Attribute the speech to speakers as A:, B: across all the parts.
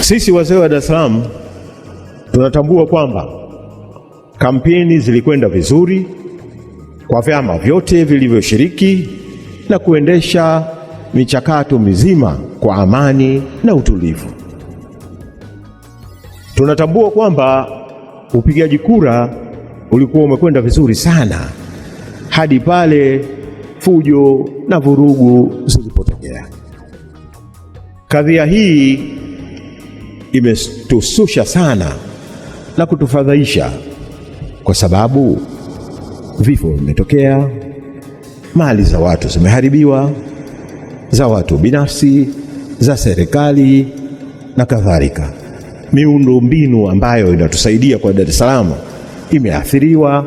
A: Sisi wazee wa Dar es Salaam tunatambua kwamba kampeni zilikwenda vizuri kwa vyama vyote vilivyoshiriki na kuendesha michakato mizima kwa amani na utulivu. Tunatambua kwamba upigaji kura ulikuwa umekwenda vizuri sana hadi pale fujo na vurugu zilipotokea. Kadhia hii imetususha sana na kutufadhaisha, kwa sababu vifo vimetokea, mali za watu zimeharibiwa, za watu binafsi, za serikali na kadhalika. Miundo mbinu ambayo inatusaidia kwa Dar es Salaam imeathiriwa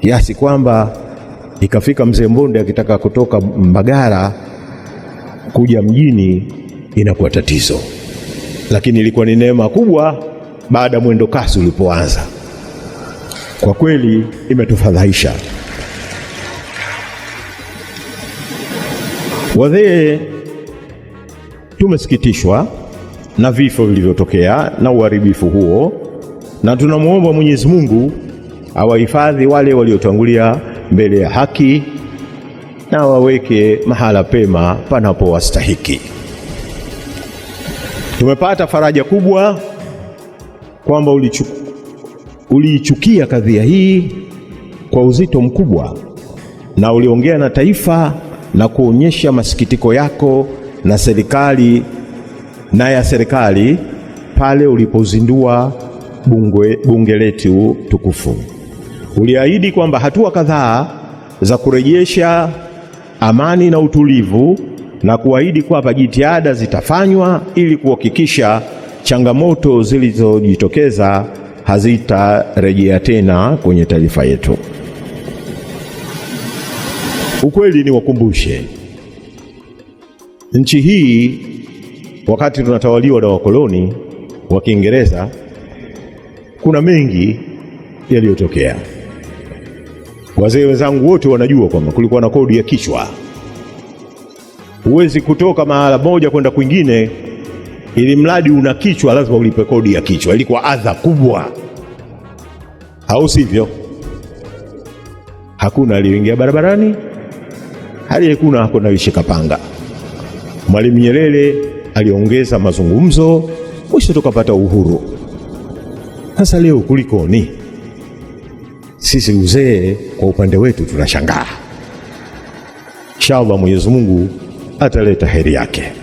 A: kiasi kwamba ikafika mzee Mbonde akitaka kutoka Mbagara kuja mjini inakuwa tatizo lakini ilikuwa ni neema kubwa baada ya mwendo kasi ulipoanza. Kwa kweli imetufadhaisha wadhee, tumesikitishwa na vifo vilivyotokea na uharibifu huo, na tunamwomba Mwenyezi Mungu awahifadhi wale waliotangulia mbele ya haki na waweke mahala pema panapowastahiki. Tumepata faraja kubwa kwamba uliichukia kadhia hii kwa uzito mkubwa na uliongea na taifa na kuonyesha masikitiko yako na serikali na ya serikali pale ulipozindua bunge, bunge letu tukufu. Uliahidi kwamba hatua kadhaa za kurejesha amani na utulivu na kuahidi kwamba jitihada zitafanywa ili kuhakikisha changamoto zilizojitokeza hazitarejea tena kwenye taifa yetu. Ukweli ni wakumbushe, nchi hii wakati tunatawaliwa na wakoloni wa Kiingereza, kuna mengi yaliyotokea. Wazee wenzangu wote wanajua kwamba kulikuwa na kodi ya kichwa. Huwezi kutoka mahala moja kwenda kwingine, ili mradi una kichwa, lazima ulipe kodi ya kichwa, ilikuwa adha kubwa, au sivyo? Hakuna aliyoingia barabarani, hali hakuna akonawishika panga. Mwalimu Nyerere aliongeza mazungumzo, mwisho tukapata uhuru. Sasa leo kulikoni? Sisi uzee kwa upande wetu tunashangaa. Inshallah Mwenyezi Mungu ataleta heri yake.